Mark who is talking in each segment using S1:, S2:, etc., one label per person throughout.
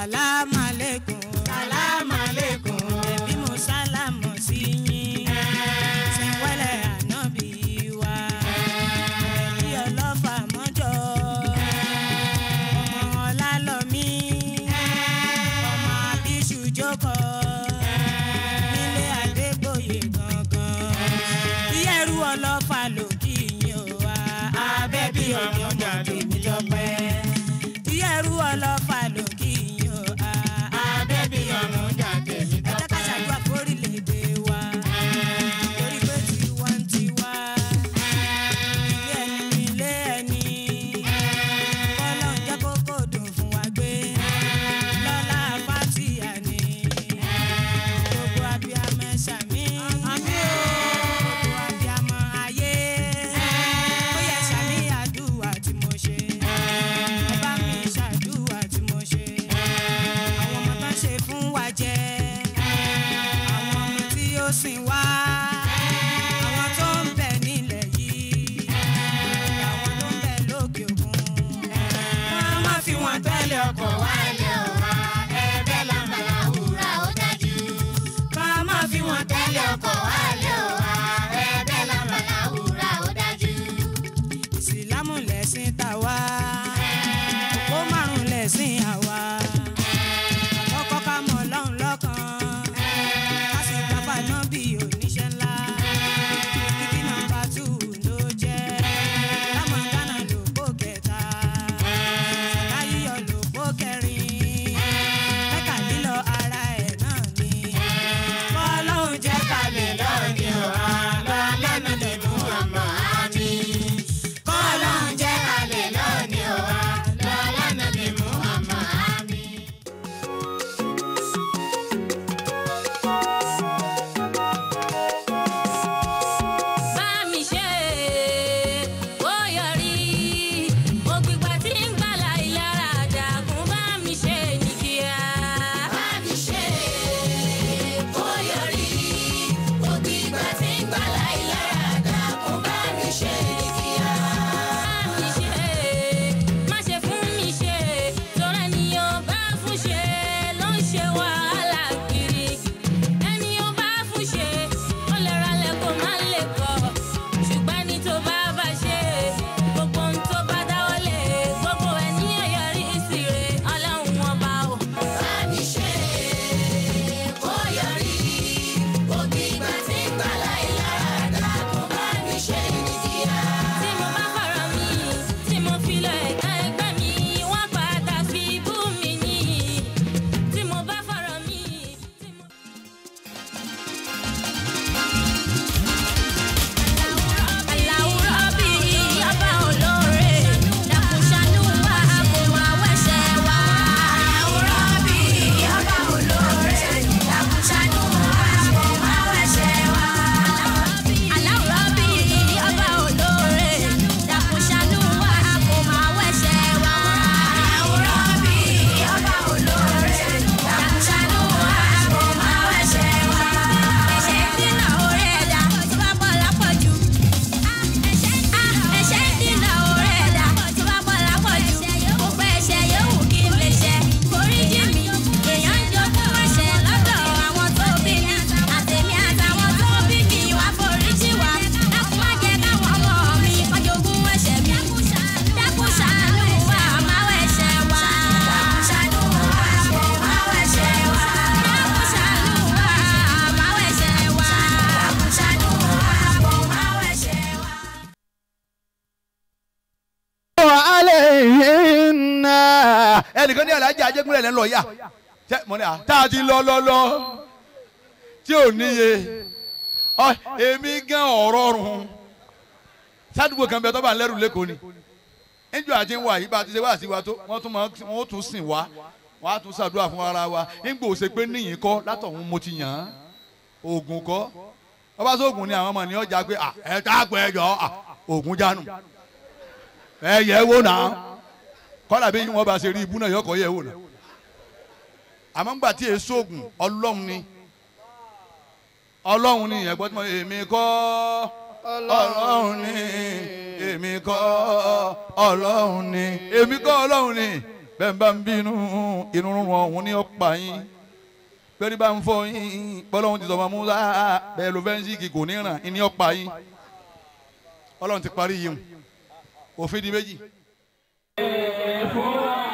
S1: Salam alaikum.
S2: ajégúnlẹ̀ lẹ́nu lọ́ọ̀yà tá a ti lọ lọ lọ tí ò níye èmi gan ọ̀rọ̀ rùn sádùúgbò kan bẹ tó bá ń lẹ́rù lẹ́kọ̀ọ́ ni níjọ́ àti ń wà yìí bá ti ṣe wá sí wa tó wọ́n tún máa wọ́n tún sìn wá wọ́n á tún ṣàdúrà fún ara wa nígbà òsè pé níyìn kọ́ látọ̀hún mo ti yàn án oògùn kọ́ wọ́n bá sóògùn ni àwọn ọmọ ní ọjà pé ẹ tá a jọ oògùn jánu ẹ yẹ wò náà kọ́lá bí wọ́n bá ṣe rí ibú náà yọkọ̀ yẹ̀ wò náà àmọ́ ńgbà tí èso oògùn ọlọ́run ni ọlọ́run ni ẹ̀gbọ́n tí mo èmi kọ́ ọlọ́run ni èmi kọ́ ọlọ́run ni èmi kọ́ ọlọ́run ni bẹ́ẹ̀ bá ń bínú inú rúnrún ọ̀hún ní ọ̀pá yín pẹ́ẹ́rì bá ń fọ yín bọ́lọ́run ti sọ̀mọ́ múlá bẹ́ẹ̀ ló fẹ́ ń síkì kò ní ràn ní ọ̀pá yín ọlọ́run ti parí yìí
S3: òfin di méjì. Yeah.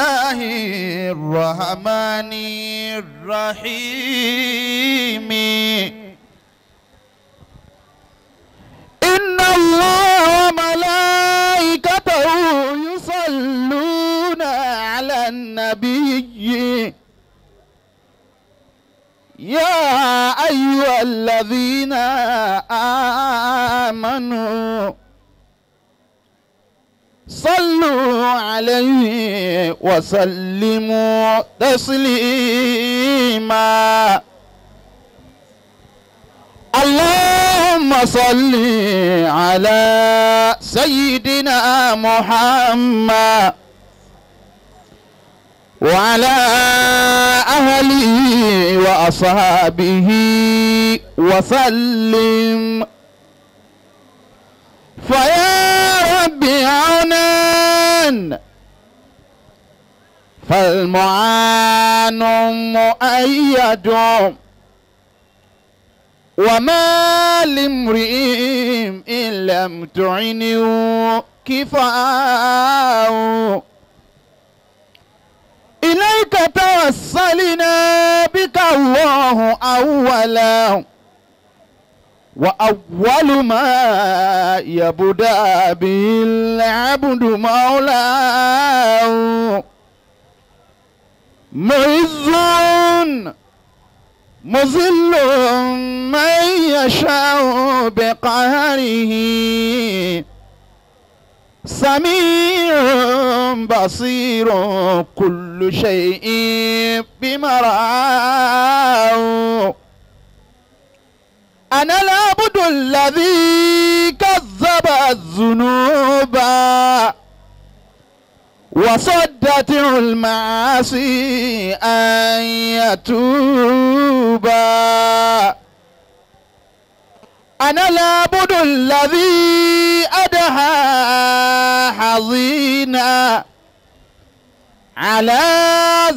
S3: الله الرحمن الرحيم إن الله وملائكته يصلون على النبي يا أيها الذين آمنوا صلوا عليه وسلموا تسليما اللهم صل على سيدنا محمد وعلى أهله وأصحابه وسلم فيا ربي عنان فالمعان مؤيد وما لامرئ إن لم تعنه كفاء إليك توسلنا بك الله أولاً وأول ما يبدأ به العبد مولاه معز مظل من يشاء بقهره سميع بصير كل شيء بمرأه أنا العبد الذي كذب الذنوب وصدت المعاصي أن يتوب أنا العبد الذي أدهى حظي على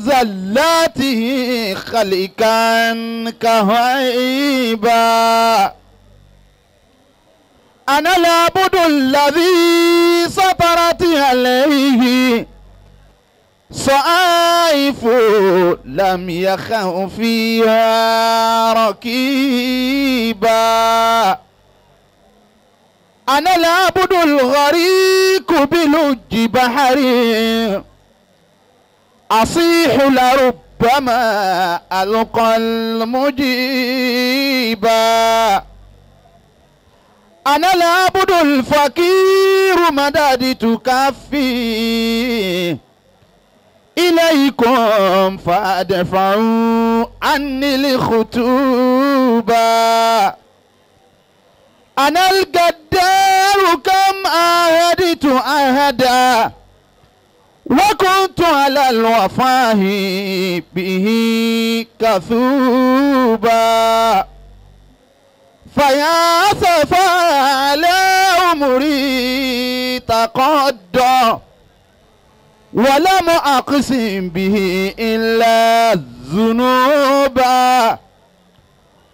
S3: ذلاته خلقا كهيبا أنا العبد الذي سطرت عليه صائف لم يخف فيها ركيبا أنا العبد الغريق بلج بحري أصيح لربما ألقى المجيبا أنا العبد الفقير مددت كفي إليكم فأدفعوا عني الخطوبة أنا القدار كم أهدت أهدا وكنت على الوفاء به كثوبا فيا سفا على عمري تقدى ولم أقسم به إلا الذنوب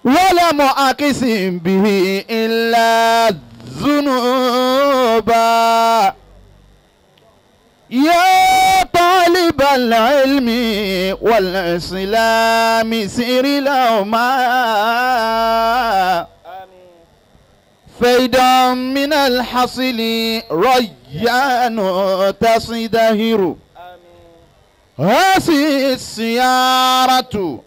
S3: ولم أقسم به إلا الذنوب يا العلم والإسلام سير لهما فيدا من الحصل ريان تصدهر هذه السيارة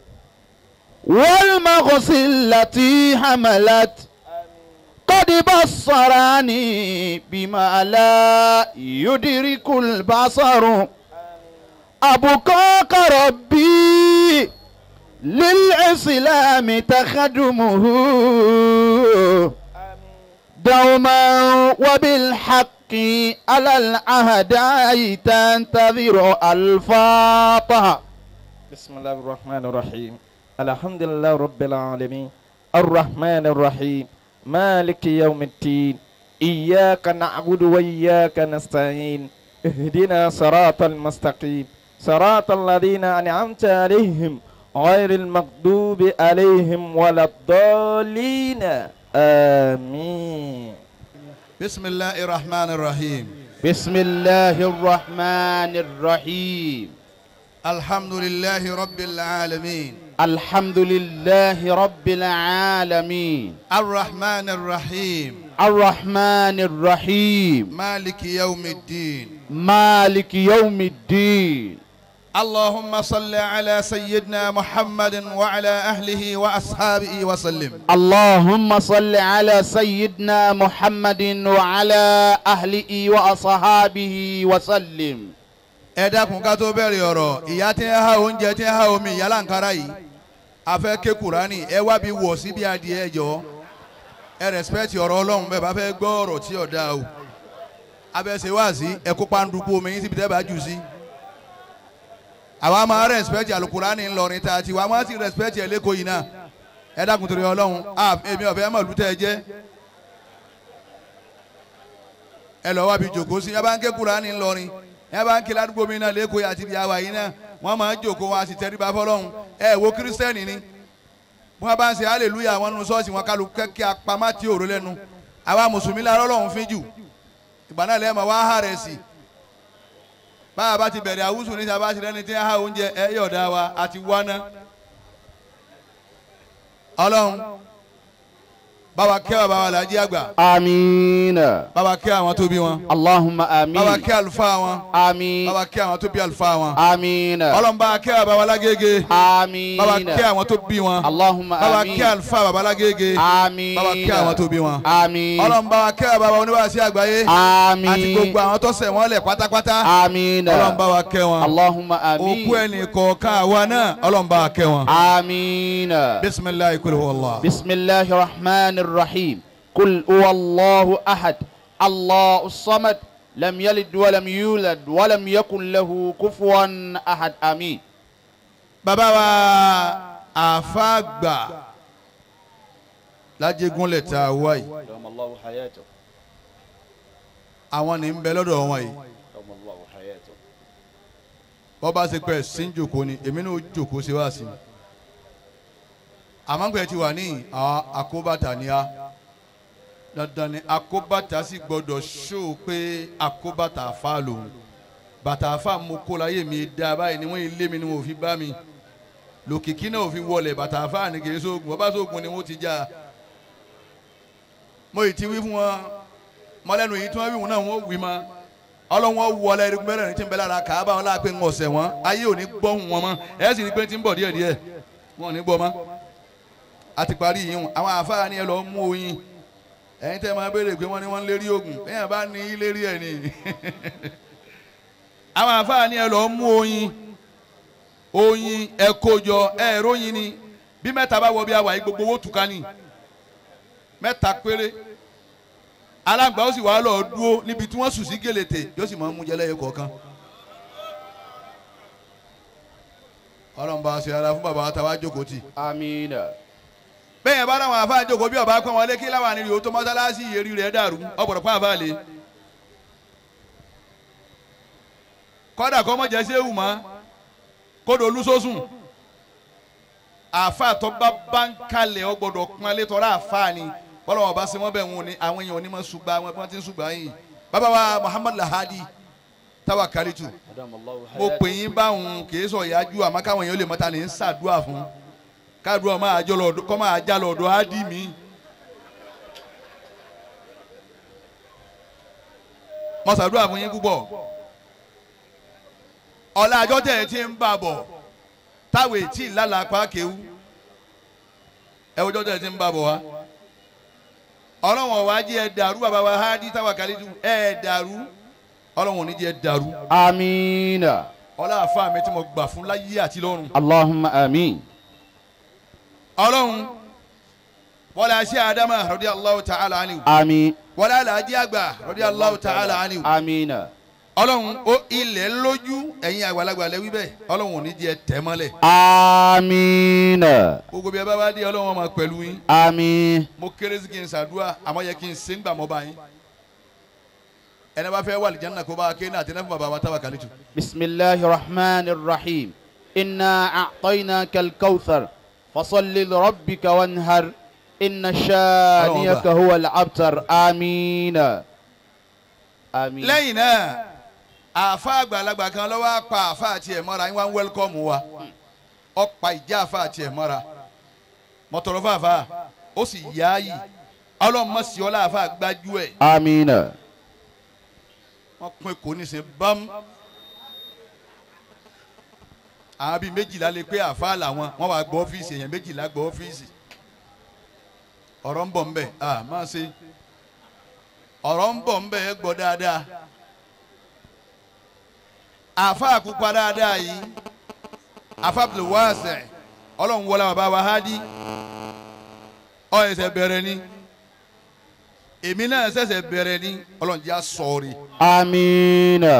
S3: والمغص التي حملت قد بصراني بما لا يدرك البصر أبقاك ربي للإسلام تخدمه دوما وبالحق على العهد تنتظر الفاتحة بسم الله الرحمن الرحيم الحمد لله رب العالمين الرحمن الرحيم مالك يوم الدين إياك نعبد وإياك نستعين اهدنا صراط المستقيم صراط الذين أنعمت عليهم غير المغضوب عليهم ولا الضالين آمين بسم الله الرحمن الرحيم بسم الله الرحمن الرحيم الحمد لله رب العالمين الحمد لله رب العالمين
S2: الرحمن الرحيم
S3: الرحمن الرحيم
S2: مالك يوم الدين
S3: مالك يوم الدين
S2: اللهم صل على سيدنا محمد وعلى أهله
S3: وأصحابه وسلم اللهم صل على سيدنا محمد وعلى أهله وأصحابه وسلم ẹ dákun ká
S2: tó bẹ̀rẹ̀ ọ̀rọ̀ ìyá tí ń há oúnjẹ tí ń há omi ìyá làǹkárá yìí afẹ́ ké kùránì ẹ wá bí wọ̀ sí bí adìẹ jọ ẹ rẹ̀spẹ̀tì ọ̀rọ̀ ọlọ́run bẹ́ẹ̀ bá fẹ́ gbọ́ ọ̀rọ̀ tí ọ̀dà o abẹ́sẹ̀ wá sí ẹ kó pàǹdùkú omi yín síbi tẹ́ bá jù sí. Si àwa máa respect alukurani ńlọrin tá a ti wá wọ́n á sì respect ẹ̀ lẹ́kọ̀ọ́ yìí náà ẹ dákun torí ọlọ́run èmi ọ̀fẹ́ mọ̀ lùtẹ́ ẹ jẹ́ ẹ lọ́ọ́ wábi jòkó sí yẹn bá ń ké kurani ńlọrin yẹn bá ń ké ládùúgbò mi náà lẹ́kọ̀ọ́ yìí àti ìyá wa yìí náà wọ́n máa ń jòkó wọn a sì tẹríba fọlọ́run ẹ wo kírísítẹ́nì ni wọ́n bá ń ṣe hallelujah wọn nu ṣọ́ọ̀ṣì wọn kálu kẹ́kẹ́ apamátì òró lẹ́nu àwa mùsùlùmí la Ọlọ́run fín ìgbà náà lẹ́ẹ̀mọ̀ wá hàrẹ̀ sí báwa bá ti bẹ̀rẹ̀ àwùsùn níta bá ti rẹ́ni tí ń há oúnjẹ ẹ̀ yọ̀ọ̀dá wa àti wá ọlọ́run bàbá kẹ́ bàbá wa làjí àgbà.
S3: amiina.
S2: bàbá kẹ́ àwọn tó bí wọn. alahuma amiin. bàbá kẹ́ àlùfáà wọn. amiin. bàbá kẹ́ àwọn tó bí àlùfáà wọn. amiina. ọlọ́nba kẹ́ bàbá wa lágége. amiina. bàbá kẹ́ àwọn tó bí wọn. alahuma amiin. bàbá kẹ́ àlùfáà bàbá lágége. amiina. bàbá kẹ́ àwọn tó bí wọn. amiin. ọlọ́nba kẹ́ bàbá oníwàásí àgbáyé. amiin. àti gbogbo àwọn tó sẹ̀ wọ́n lẹ̀ pátápátá. amiina. ọlọ́nba kẹ́ wọn. alahuma
S3: amiin. òkú ẹnì kọ̀ọ̀kan àwa náà ọlọ́nba kẹ́ wọn. amiina. bisimilahi الرحيم قل هو الله أحد الله الصمد لم يلد ولم يولد ولم يكن له كفوا أحد آمين bàbá wa àfàgbà lájẹgúnlẹ̀ tá a wá yìí
S2: àwọn ní ń bẹ lọ́dọ̀ wọn yìí bọ́ bá ṣe pẹ́ sí ń jòkó ni èmi náà jòkó ṣe wá sí i àmọ́gbẹ́ ti wà ní àkóbàtà ni a dandan ni àkóbàtà sì gbọ́dọ̀ ṣó pé àkóbàtà àfa lòun bàtà àfa mo kó láyé mi dá báyìí ni wọ́n yìí lé mi ni wọ́n fi bá mi lòkìkí náà ò fi wọlé bàtà àfa ni kì í sóògùn ọba sóògùn ni wọ́n ti já mo ì ti wí fún wọn mọ́lẹ́nu yìí tí wọ́n wí wọn náà wọ́n wí ma ọlọ́wọ́n wọlé erigun mẹ́rẹ̀ẹ̀rin tí ń bẹ lára kàábà wọn láàpẹ̀ ń ọ̀sẹ̀ wọn ayé ò gbọ́ wọn mọ́ ẹ̀ sì rí pé ti ń bọ̀ díẹ̀díẹ̀ wọn ò ní gbọ́ mọ́ àti parí yìí hùn àwọn àfáà ni ẹ lọ mú oyin ẹ̀yin tẹ́ máa béèrè pé wọ́n ní wọ́n ń lérí oògùn èèyàn bá ní í lérí ẹ̀ ni àwọn àfáà ni ẹ lọ mú oyin oyin ẹ kójọ ẹ ròyìn ni bí mẹ́ta bá wọ bí awà yìí gbogbo owó tù ká ní mẹ́ta péré alágbà ó sì wá lọ dúró níbi tí wọ́n sùn sí gèlètè yóò sì máa mú jẹ lẹ́yìn kọ̀ọ̀kan. ṣe ara fún bàbá wa tá a wá jókòó tì. amiina bẹ́ẹ̀ bá ráwọn àfa àjòkó bí ọba pẹ́ wọn lé kí láwọn àníyàn ó tó mọ́sálásí ìyẹrí rẹ̀ dàrú ọ̀pọ̀lọpọ̀ fún àfa lè. kọ́dà kọ́ mọ̀jẹ́ sí ewu mọ́ kódò olúṣọ́sùn àfa tó bá bá ń kalẹ̀ ọ gbọ́dọ̀ pọ́nlé tọ́ra àfa ni bọ́lá ọba sí wọn bẹ̀ wọn ni àwọn èèyàn onímọ̀ ṣùgbà wọn tí wọ́n ti ń ṣùgbà yìí bàbá wa Muhammad Lahadi tawakalitu mo pè yín báwọn kì í sọ ìyájú àmọ́ káwọn èèyàn lè mọ́ta lè ń ṣàdúrà fún un káàdùn ọmọ àjọ lọ́dọ̀ kọ́ máa já lọ́dọ̀ á dì mí. mo ṣàdúrà fún yín púpọ̀ ọ̀la àjọ tẹ̀ ti ń bà bọ̀ táwọn ètí ìlàlàpá kéwú ẹ̀wọ̀n jọ́ tẹ̀ ti ń bà bọ̀ wá ọlọ́run ọ̀wá jẹ́ ẹ dàrú bàbá wa hádì táwa kàlídù ẹ dàrú ọlọ́run ò ẹ dàrú.
S3: amiina.
S2: ọlá àfa mi tí mo gbà fún láyé àti lọ́run.
S3: allahumma amiin
S2: ọlọ́run wọlé àṣẹ àdámà radiyallahu ta'ala anhu. àmín. wọlé àlàájì àgbà radiyallahu ta'ala anhu. àmín. ọlọ́run ó ilẹ̀ lójú ẹ̀yin àgbàlagbà lẹ́wí bẹ́ẹ̀ ọlọ́run ò ní jẹ́ tẹ̀ mọ́lẹ̀.
S3: àmín.
S2: gbogbo bí ẹ bá wá dé ọlọ́run ọmọ pẹ̀lú yín. àmín. mo kéré sí kí n ṣàdúrà àmọ́ yẹ kí n ṣe ń gbà mọ́ báyìí
S3: bá fẹ́ wà lìjẹ́ nàkó bá ké náà tẹ́lẹ̀ fún bàbá wa tábà kàlí bisimilahi rahman rahim inna fasalli rabbika wanhar inna shaniyaka huwa al-abtar amina. àmín. lẹ́yìn náà
S2: àáfà àgbàlagbà kan ló wá pa àáfà àti ẹ̀ mọ́ra wọ́n wẹ́lkọ́mù wa ọ̀pá ìjà àáfà àti ẹ̀ mọ́ra fàáfà ó sì yááyì ọlọ́run mọ̀ sí gbájú ẹ̀. amina. wọ́n pín kò ní sẹ́ bámu àwọn bíi méjìlá lè pé àfa làwọn wọn wàá gbọ́ ọ́fíìsì èèyàn méjìlá gbọ́ ọ́fíìsì ọ̀rọ̀ ń bọ̀ ń bẹ̀ à má ṣe ọ̀rọ̀ ń bọ̀ ń bẹ̀ ẹ gbọ́ dáadáa àfa àkúpa dáadáa yìí àfa Abdul Wasi ọlọ́run wọlé bàbá wa hádì ọ ẹsẹ̀ bẹ̀rẹ̀ ni èmi náà ṣẹ̀ṣẹ̀ bẹ̀rẹ̀ ni ọlọ́run jẹ́ àsọ̀rì.
S3: amiina.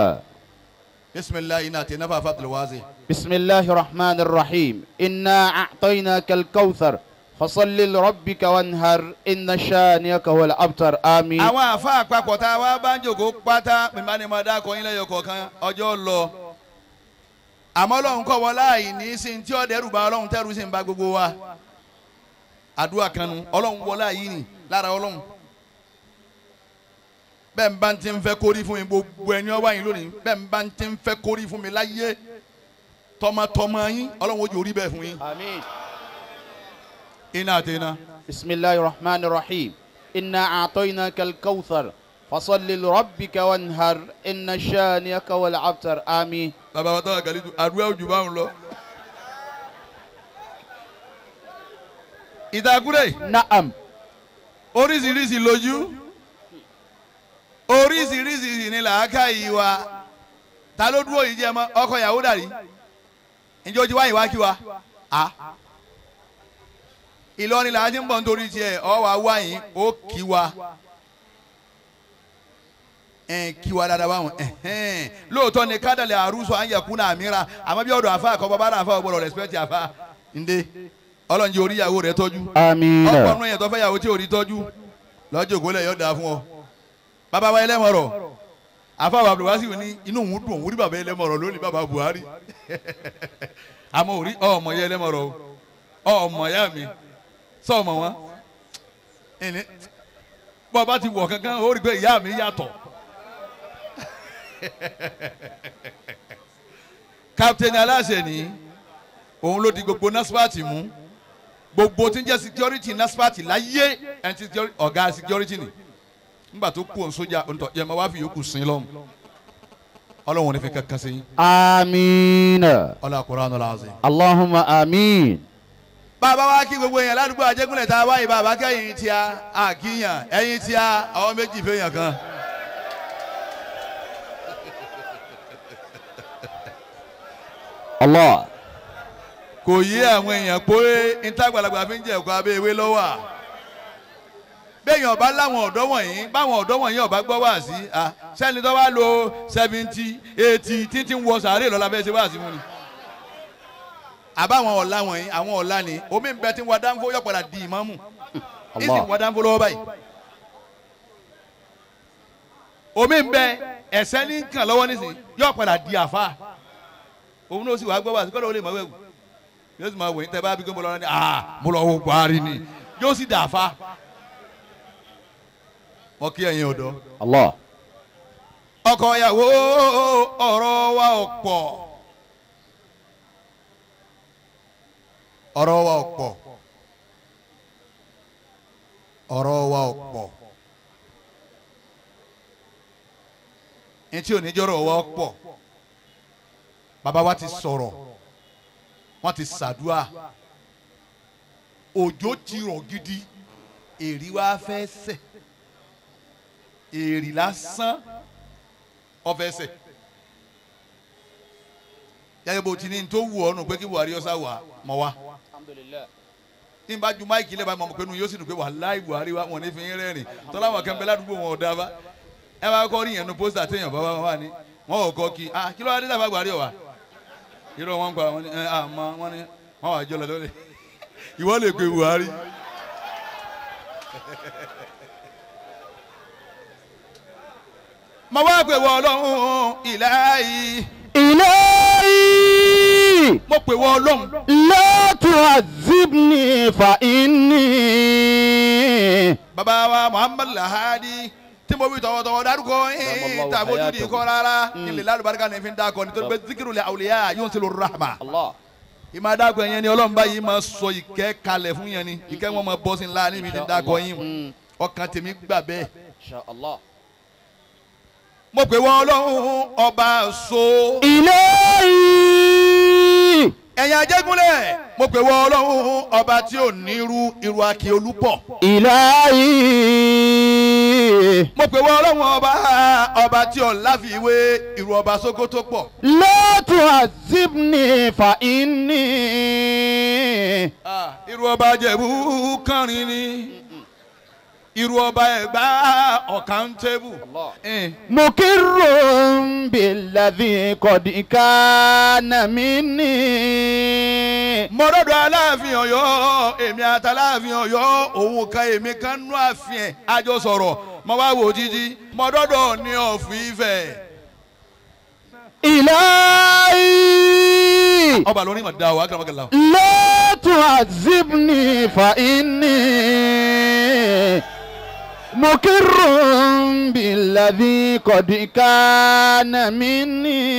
S2: bisimilayi náà tẹ̀ náà fà
S3: Abdul Wasi. بسم الله الرحمن الرحيم إنا أعطيناك الكوثر فصل لربك وانهر إن شانئك هو الأبتر آمين àwọn àfáà àpapọ̀
S2: tá a wá bá ń jòkó pátá mímá ni mo dáko yín lẹ́yọ̀ kọ̀ọ̀kan ọjọ́ lọ àmọ́ Ọlọ́run kọ̀ wọ́n láàyè ní sí ní tí ó dẹ́rù bá Ọlọ́run tẹ́rù sí ń bá gbogbo wa àdúrà kanu Ọlọ́run wọ́n láàyè ní lára Ọlọ́run bẹ́ẹ̀ bá ń ti ń fẹ́ kórí fún mi gbogbo ẹni ọwọ́ yín lónìí bẹ́ẹ̀ bá ń ti ń fẹ́ kórí fún mi láyé
S3: tọmọtọmọ yín ọlọ́run ojú orí bẹ́ẹ̀ fún yín. àmín. iná àti iná. bisimilayi rahman rahim inna àtọ́yiná kalkawthar fasalli rabbika wanhar inna shani akawal abtar àmín. bàbá wa tọ́ka kàlí àdúrà ojú bá ń lọ.
S2: ìdàgúrẹ́. naam. oríṣiríṣi lójú oríṣiríṣi ni làákàyè wa ta ló dúró yìí jẹ́ mọ́ ọkọ yàwó dàrí ǹjẹ́ o ti wá ìwá kí wa a Ìlọrin làwọn ti ń bọ̀ nítorí tiẹ̀ ọ wá wá yín ó kí wa kí wa dáadáa báwọn lóòótọ́ ni kádàlẹ̀ àrùsọ àyẹ̀kúnà àmìíràn àmọ́ bí ọ̀dọ̀ àfa àkọ́ bàbá àfa ọ̀gbọ́dọ̀ respect àfa ǹdẹ́ ọlọ́njẹ́ orí ìyàwó rẹ̀ tọ́jú
S3: ọ̀pọ̀ ọ̀run
S2: ẹ̀yẹ̀ tó fẹ́ yàwó tí ò rí tọ́jú lọ́jọ́ ògbólẹ̀ yọ̀ dáa fún ọ bàbá wa ẹlẹ́wọ̀n rọ̀ afáwọn abdulwasiu ní inú òun dùn òun rí bàbá ẹlẹ́mọ̀rọ̀ lónìí bàbá Buhari àmọ́ òrí ọmọ yẹ ẹlẹ́mọ̀rọ̀ o ọmọ ya mi sọ ọmọ wọn ẹni bọ́ bá ti wọ̀ kankan ó rí pé ìyá mi
S3: yàtọ̀
S2: captain aláṣẹ ni òun ló di gbogbo nasfati mú gbogbo tí ń jẹ́ security nasfati láyé ẹni tí ọ̀gá security ni nígbà tó kú òun sójà òǹtọ̀ yẹn wá fi yòókù sin lọ́hùn ọlọ́run ní fi kankan sí.
S3: amiina. ọlá Qur'an al-azim. Allahumma amiin.
S2: bàbá wa kí gbogbo yẹn ládùúgbò àjẹgúnlẹ̀ tá a wáyé bàbá kẹ́yìn tí a àkíyàn ẹ̀yìn tí àwọn méjì fẹ́yàn kan. Allah. kò yé àwọn èèyàn pé ntàgbàlagbà fi ń jẹ ẹ̀kọ́ abẹ́ ewé lọ́wọ́ béèyàn ọba láwọn ọ̀dọ́ wọ̀nyí báwọn ọ̀dọ́ wọ̀nyí ọba gbọ́ wá sí a sẹ́ni tó bá lo seventy eighty títí ń wọ sàárè lọ́la bẹ́ẹ̀ ṣe wá sí fún ni. àbáwọn ọ̀la wọ̀nyí àwọn ọ̀la ni omi ń bẹ tí wọ́n dánfó yọ̀ padà di ìmọ̀mù ìsìn wọ́n dánfó lọ́wọ́ báyìí. omi ń bẹ ẹ̀sẹ̀ ní kàn lọ́wọ́ nísìn yọ̀ padà di àfa òun náà sì wá gbọ́ wá sí kọ́lọ́ ó lè mọ̀ wẹ́wù yóò sì máa ah mo lọ wo ni yóò sì mo kí ẹ̀yin ọ̀dọ́. Allah. ọkọ ìyàwó ọ̀rọ̀ wa ọ̀pọ̀ ọ̀rọ̀ wa ọ̀pọ̀ ọ̀rọ̀ wa ọ̀pọ̀ etí oníjọ́rọ̀ wa ọ̀pọ̀ bàbá wa ti sọ̀rọ̀ wọ́n ti ṣàdúà òjò ti rọ̀ gidi èrí wa fẹ́ sẹ̀ èrì lásán ọ̀fẹ́sẹ̀ yàtọ̀ bó ti ní tó wù ọ́ nù pé kí Buhari ọ̀sà wà mọ̀ wá tí n bá ju máìkì lẹ́ba mọ̀ pé nu yóò sì nù pé wàláì Buhari wa wọn ní fi ń rẹ́rìn tọ́lá wọn kẹ́ńbẹ́ ládùúgbò wọn ọ̀dà bá ẹ bá kọ́ níyẹn nu pósítà téèyàn bá wà ní wọn ò kọ́ kí ah kí ló wá dé dàbà Buhari ọ̀wà irọ́ wọn gba wọn ni ẹ eh, àmọ́ ah, wọn ni wọn wà jọ lọ lọ́lẹ̀ ìwọ lè pe Buhari. mo wá pè wọ ọlọ́run ìlàyé. ìlàyé. mo pè wọ ọlọ́run. látò àzíbni fa inni. bàbá wa muhammadu lahadi tí mo wí tọwọ́tọwọ́ dárúkọ ẹ̀ẹ́n tàbí ojú di ikọ́ rárá mm. ilé lálùbáríkà ní fi ń dákọ nítorí pé zikiru lè àwùlẹ́yà yóò ń sèlú rahma. ìmọ̀ adákọ̀ yẹn ni ọlọ́run báyìí máa sọ ìkẹ́ kalẹ̀ fún yẹn ni ìkẹ́ wọn máa bọ́ sí ńlá níbi tí ń yín mm. ọkàn tèmi gbà bẹ́ẹ̀ mo pè wọ́n ọlọ́run ọba so. ìlérí. ẹ̀yin ajégúnlẹ̀ mo pè wọ́n ọlọ́run ọba tí ò ní irú irú akí olúpọ̀. ìlérí. mo pè wọ́n ọlọ́run ọba ọba tí ò láfiwé irú ọba sógó tó pọ̀.
S3: lọ́tù àzíbni fa inni. irú ah, ọba jẹ̀bú
S2: kánrin ni irú ọba ẹ̀gbá ọ̀kántébù. Eh.
S3: mukirun biladhi qad kana minni. mo rọ́dọ̀ aláàfin ọ̀yọ́
S2: èmi àtàláàfin ọ̀yọ́ òun kan èmi kan nú àfin ẹ̀ àjọ sọ̀rọ̀ mo wá wò jíjí mo dọ́dọ̀ ní ọ̀fìn Ifẹ̀. ìlàyé. ọba lórí ìmọ̀ dáwọ́ agbára mọ́kànlá. la
S3: tu'azibni fa inni. مكر بالذي قد كان مني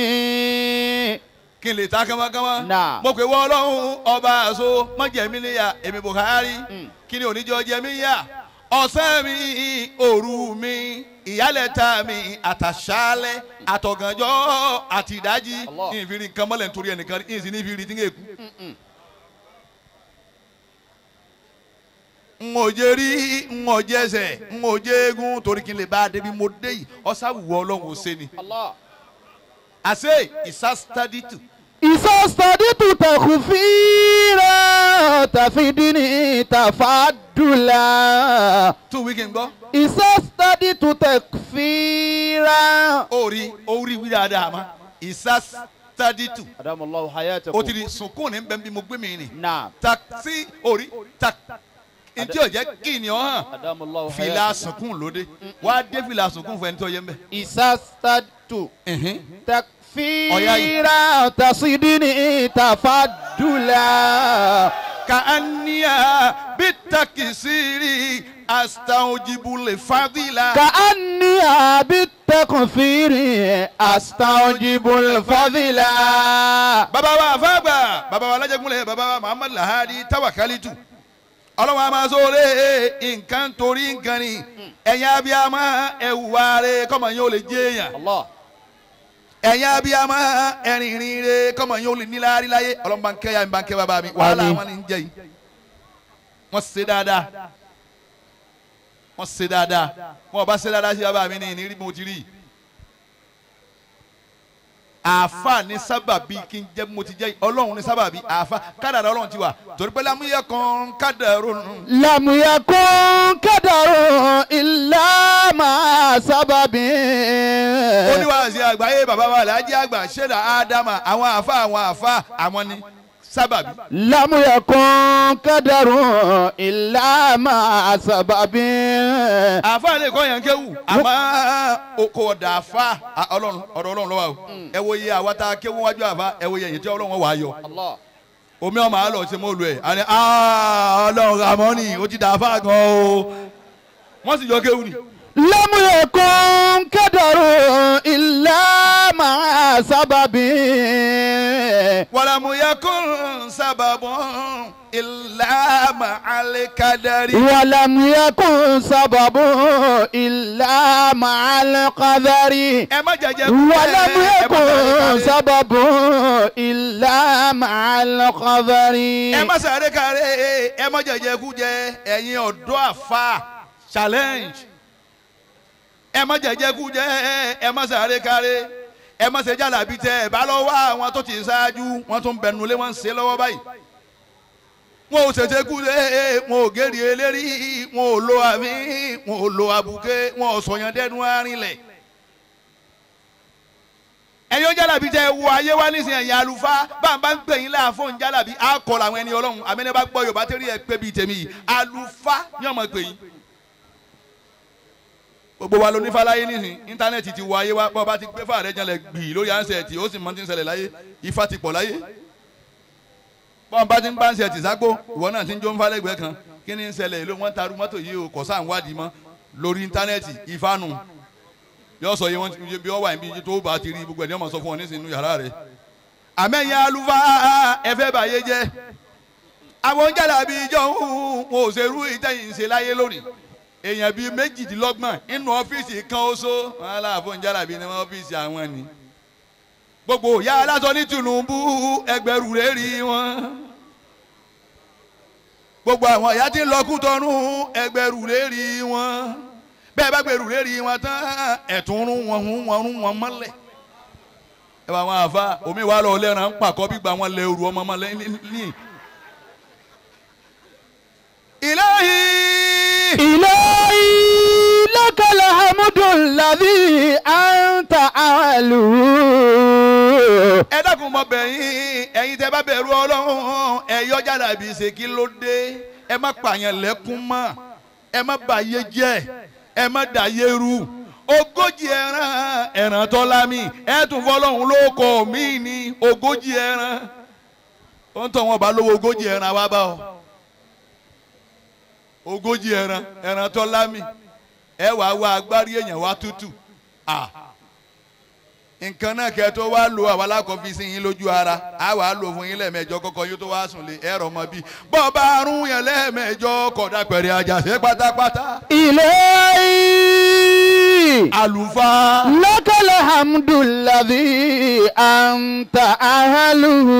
S3: kí n
S2: lè ta kánmọ́kánmọ́. naa mo pè wọ́ ọlọ́run ọba àṣọ mọ́jẹ̀mí níyà èmi Buhari mm. kí ni oníjọ jẹ̀mí yà ọ̀sán mi òru mi ìyálẹ̀ta mi àtàṣálẹ̀ àtọ̀gànjọ́ àtìdájí ìfiri nǹkan mọ́lẹ̀ nítorí ẹnìkan ìsìn ní ìfiri tí ń gé kú. n ò jẹ rí n ò jẹ ẹsẹ̀ n ò jẹ eégún torí kí n lè bá a débi mo dé yìí ọ̀sáwùwọ̀ ọlọ́run ò ṣe ni. àṣé ìsásítádìtù.
S3: ìsásítádìtù tẹ̀kù fíìrẹ̀ tàfídìní tàfádùlà. tún wí kí n gbọ́. ìsásítádìtù
S2: orí orí wí dáadáa ma ìsásítádìtù taditu. adamu allah hayatakum. o ti di sunkun ni nbẹ bi mo gbé mi ni. naa. takisi ori tak ntí ọ̀jẹ̀ kí ni ọ hàn fìlà sunkún lóde wá dé fìlà sunkún fún ẹni
S3: tó yẹ mbẹ. ìsásádù takfira tasidini tafadula kaaniya
S2: bitakisiri astawjibule fadila. kaaniya
S3: bitakufiri astawjibule fadila.
S2: baba wa fagba baba wa alajagunle baba wa muhammadu lahadi tawakalitu ọlọ́wọ́n a máa sóore nǹkan torí nǹkan ni ẹ̀yin abiyamọ ẹ̀wùwà rẹ kọ́mọ yín ó lè jẹ́ èèyàn ẹ̀yin abiyamọ ẹ̀rìnrìn rẹ kọ́mọ yín lè níláárí láyé ọlọ́mọ bá ń kẹ́ ya ń bá ń kẹ́ bàbá mi wàhálà wọn ni ń jẹ́ yìí wọ́n ṣe dáadáa wọ́n ṣe dáadáa wọ́n bá ṣe dáadáa sí bàbá mi ní ìnírí mo ti rí yìí àáfà ni sábàbí kí n jẹ́ mo ti jẹ́ ọlọ́run ní sábàbí àáfà kádàrá ọlọ́run ti wà torí pé lámúyẹ kan kádàró.
S3: lámúyẹ kan kádàró ilá máa sábàbí. oníwàásí
S2: àgbáyé bàbá wa làájẹ́ àgbà ṣẹ̀dá ádámà àwọn àáfà àwọn àáfà àwọn ni sábàbí.
S3: lámúyẹ kan kádàrún ìlà máa sábàbí.
S2: àfa lè kọ́ yẹn kéwù àmọ́ okò ọ̀dà àfa ọ̀rọ̀ ọlọ́run lọ́wọ́ o mm. ẹ wo iye àwa tá a kéwù wájú àfa ẹ wo iye èyí tí ọlọ́run wà á yọ. omi ọmọ àlọ́ ṣe mọ́ lu ẹ̀ àní ọlọ́run ramoni ó ti dà àfa gan o wọ́n sì yọ kéwù ni
S3: lámúyẹ kan kádàrún ìlà máa sábàbí bẹ́ẹ̀.
S2: yakun sábàbọ̀n ìlàmà alikadari.
S3: wàlàmúyẹ́kùn sábàbọ̀n ìlàmà alikadari. ẹ má jẹjẹ kú bẹ́ẹ̀ wàlàmúyẹ́kùn sábàbọ̀n ìlàmà alikadari. ẹ má sáré káré
S2: ẹ má jẹjẹ kú jẹ ẹ̀yin ọ̀dọ́ àfa challenge ẹ má jẹjẹ kú jẹ ẹ má sáré káré ẹ má ṣe jálàbí tẹ ẹ bá lọ wá àwọn tó ti ṣáájú wọn tún bẹnu lé wọn ṣe lọ́wọ́ báyìí wọn ò ṣẹ̀ṣẹ̀ kú lé wọn ò gèrè eléri wọn ò lo àmì wọn ò lo àbùké wọn ò sọyàn dẹnu arìnlẹ̀ ẹ̀yin ó jálàbí tẹ ẹ ayé wa nísìnyí ẹ̀yin àlùfáà bá ń bá ń pè yín láàfọ̀n jálàbí àkọlù àwọn ẹni ọlọ́run àmì ẹni bá gbọ́ yorùbá tẹ́rí ẹ pé bíi tèmi yìí àlùfáà ni ọmọ pè gbogbo wa ló ní fáláyé íńtánẹ́ẹ̀tì ti wọ ayé wa bọ́ọ̀ ti gbé fàárẹ̀ jalè gbì lórí ansẹ̀tì ó sì mọ ti ń ṣẹlẹ̀ láyé ifá ti pọ̀ láyé bọ́ọ̀ ti ń bá ansẹ̀tì ságbó ìwọ náà ti ń jó ń falẹ́gbẹ̀ẹ́ kan kí ni ń ṣẹlẹ̀ ló wọ́n taru mọ́tò yìí o kọ̀ sáà ń wádìí mọ́ lórí íńtánẹ́ẹ̀tì ifá nù yọ sọ yìí wọ́n bí wọ́n wà níbi tó bá ti rí gbogbo ẹ̀ ní ọmọ sọ fún ọ èèyàn bíi méjìdínlọ́gbọ̀n nínú ọ́fíìsì kan oṣó wọn aláàfọ̀ njálàbí ní ọ́fíìsì àwọn ni gbogbo ìyá aláṣọ ní Tinubu ẹgbẹ̀rú rẹ̀ rí wọn gbogbo àwọn ìyá tí ń lọ tọrún ẹgbẹ̀rú rẹ̀ wọn bẹ́ẹ̀ bá gbẹ̀rú wọn tán ẹ̀tún rún wọn hún wọn rún wọn mọ́lẹ̀ omi wà lọ lẹ́ran ń pàkọ́ bí
S3: ilahi. ilahi lakala hamudu ladhi anta alu. ẹ dákun mọ
S2: bẹ̀yìn ẹ̀yin tẹ́ bá bẹ̀rù ọlọ́run ẹ yọ jàdàbí ṣe kí ló dé ẹ má pààyàn lẹ́kún mọ́ ẹ má bàyé jẹ́ ẹ má dàyé rú ogójì ẹran ẹran tọ́lá mi ẹ tún fọlọ́hún ló mí ní ogójì ẹran ó ń tọ́ wọn bá lówó ogójì ẹran wá bá ọ ogójì ẹran ẹran tó lámì ẹ wá wá agbárí èèyàn wá tútù à nǹkan náà kẹ tó wá lo àwọn alákọ̀ọ́fíìsì yín lójú ara á wà á lò fún yín lẹ́ẹ̀mẹ́jọ kọ́kọ́ yóò tó wá sùn lé ẹ̀rọ ọmọ bíi bọ́ bá rún yẹn lẹ́ẹ̀mẹ́jọ kọ̀dà pẹ̀rẹ̀ ajá sí pátápátá.
S3: ilé yìí. àlùfáà. lọ́kọ̀lẹ̀ hamdulabi anta ahaluhu.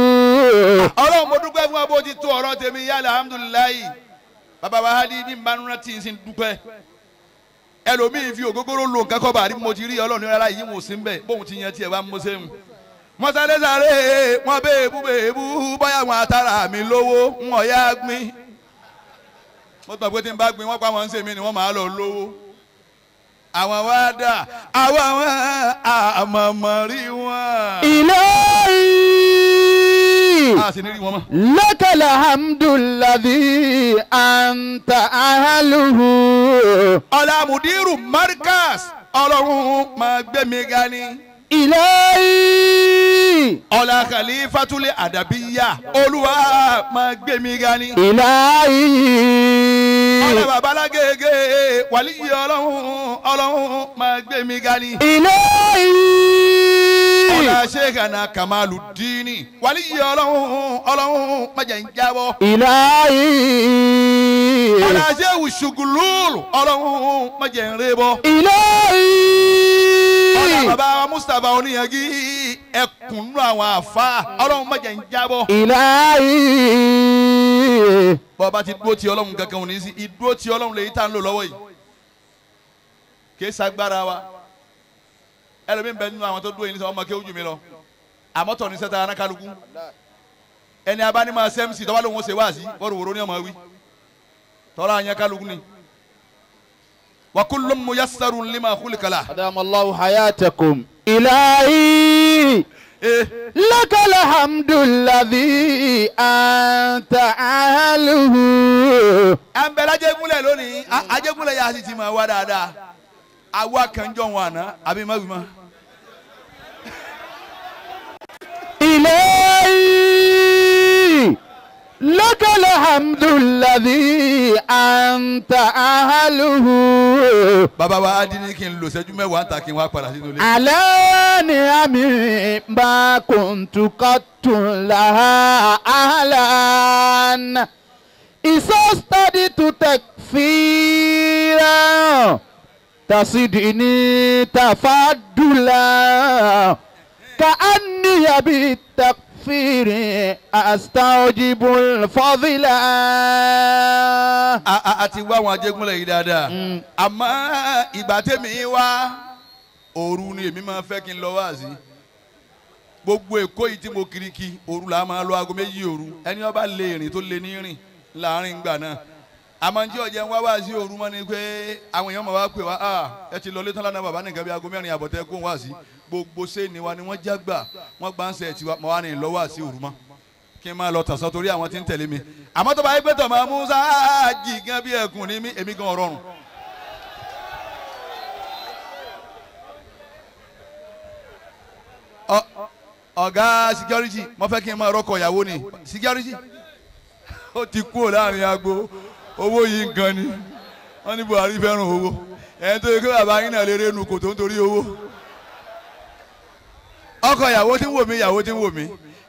S2: ọlọ́run mo dúpẹ́ fún ọ bó ti tó ọ̀rọ̀ tèmi yálà hamdulayi bàbá wa hali ní mbanúra tí n sì dúpẹ́ ẹlòmíì fi ògógóró lo nǹkan kọ́ bá rí mo ti rí ọlọ́run rárá yìí mo sì ń bẹ̀ bóun ti yan tiẹ̀ e wá mo ṣe ń. wọ́n sáré sáré wọ́n béèbú béèbú bóyá wọn àtàrà mi lówó wọn yá gbin. mo tọ̀ pé tí n bá gbin wọ́n pa wọn ń ṣe mí ni wọ́n máa lọ lówó. àwọn wa dà
S3: àwọn àwọn àmọ̀mọ̀ rí wọn. ìlú yìí. Ah, lakal hamduladhi anta ahaluhu. ọ̀làmùdírù markas ọlọ́run
S2: máa gbẹ̀mí ga ni. ilayi. ọ̀là khalifatuli adabiya olúwa máa gbẹ̀mí ga ni.
S3: ilayi
S2: ọlọ́ babalá gègé wàlíyé ọlọ́run ọlọ́run máa gbé mi ga ni. ilé ọ̀la sẹ́kànnà kàmáàlù dínì wàlí yìí ọlọ́run ọlọ́run májà ń jábọ́. ìlàyé. ọ̀la sẹ́wù ṣùgùlùlù ọlọ́run májà ń rébọ́. ìlàyé. ọ̀la bàbá mustapha oníyanjú ẹkùnú àwọn àfa ọlọ́run májà ń jábọ́. ìlàyé. bọ́ba ti dúró ti ọlọ́run kankan ní sí ìdúró ti ọlọ́run lè yí tá à ń lò lọ́wọ́ yìí kí é wa ẹlòmíín bẹ nínú àwọn tó dúró yìí ní sọ ọmọ kéwú jù mí lọ àmọ́ tọ̀ ní sẹ́ta anákálukú ẹni abánimọ̀ sẹ́mísì tọ́wá lòun ó ṣe wáàsí wọ́n wòrò ní ọmọ wí tọ́lá yẹn kálukú ni. wa kullum muyassaru lima khulikala. adamallahu
S3: hayatakum. ilahi eh. lakal hamduladhi anta aluhu.
S2: ẹnbẹ̀rẹ̀ ajégúnlẹ̀ lónìí ajégúnlẹ̀ yà á sì ti máa wá dáadáa àwa kànjọ́ wọn àná àbí má wí
S3: حي لك الحمد الذي أنت أهله. bàbá wa á
S2: dín ní kí n lò ṣẹ́jú mẹ́wàá ta kí n wá padà sínú ilé.
S3: alẹ́ ni àmì bá to take fear. تصدني تفضلا كأني بالتقوى fìrì àstàwọ̀jìbù fọ́fìlà.
S2: a ti wá àwọn Ajégúnlẹ̀ yìí dáadáa mm. àmọ́ ìgbà tèmi wá òru ni èmi máa fẹ́ kí n lọ wá sí gbogbo Èkó yìí tí mo kiri ki òru là á máa lọ aago méjì òru ẹni ó bá lè rìn tó lè ní rìn láàrin gbà náà àmọ́ njẹ́ ọ̀jẹ̀ ń wá wá sí òru mọ́ ni pé àwọn èèyàn máa wá pè wá ẹ ti lọ létọ́lá náà bàbá nìkan bí aago mẹ́rin àbọ̀tẹ́ kó wá sí i gbogbo ṣé ni wa ni wọ́n jágbà wọ́n gbà ń sẹ̀ tiwa mọ́ wá ní ìlọ́wọ́ àti òrùmọ́ kí n máa lọ tàṣán torí àwọn tí ń tẹ̀lé mi àmọ́ tó bá yẹ pé tọ̀ máa mú sáájì gan bí ẹkùn ní mí èmi gan ọ̀rọ̀rùn. ọ̀gá security mo fẹ́ kí n máa rọ́kọ̀ ìyàwó ni security ó ti kúrò láàrin agbo owó yìí nǹkan ni wọ́n ní Buhari fẹ́ràn owó ẹ̀ ń tó yẹ kí bàbá yín náà lè rénu kò tó ń torí owó. ọkọ ìyàwó tí ń wò mí ìyàwó tí ń wò mí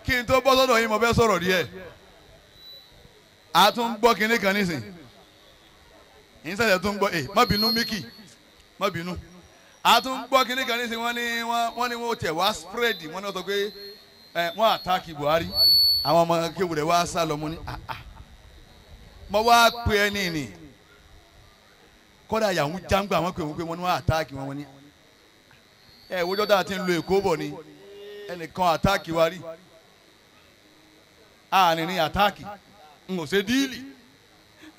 S2: kí n tó bọ́ sọ́dọ̀ yín mo fẹ́ sọ̀rọ̀ díẹ̀ a tún gbọ́ kinní kan nísìn yín sẹ̀sẹ̀ tún gbọ́ ẹ eh, bínú Mickey bínú a tún gbọ́ ní wọ́n ní wọ́n tẹ̀ wá spread wọ́n ní wọ́n sọ pé ẹ eh, wọ́n àtàkì Buhari àwọn ọmọ wá sá lọ ní àà ah, ah. wá pe wọn pe wọn pe wọn ní wọ́n àtàkì wọn ní ẹ eh, wọ́jọ́ dáa ti ń lo Èkó ni. ẹnìkan àtáàkì wa rí àárín àtáàkì n ò ṣe díìlì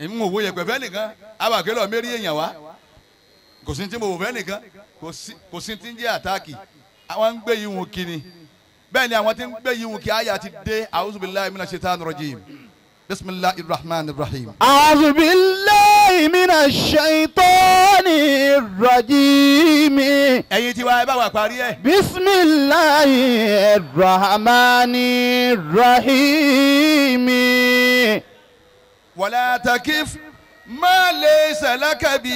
S2: èmi ò wo yẹpẹ fẹ́ nìkan abàkẹ́ lọ mérí èèyàn wá kò sí ti mo wò fẹ́ nìkan kò sí ti ń jẹ́ àtáàkì àwọn ń gbé yìí kiri bẹ́ẹ̀ ni àwọn ti ń gbé yìí wọn àyà ti dé a'udhu billahi minash shaitani rajim bismillahir rahmanir rahim.
S3: a'udhu billahi billahi minash shaitani rajim. ẹ̀yin
S2: tiwa ẹ bá wa parí ẹ̀.
S3: bismillahi rahmani rahim.
S2: wala takif ma laysa laka bi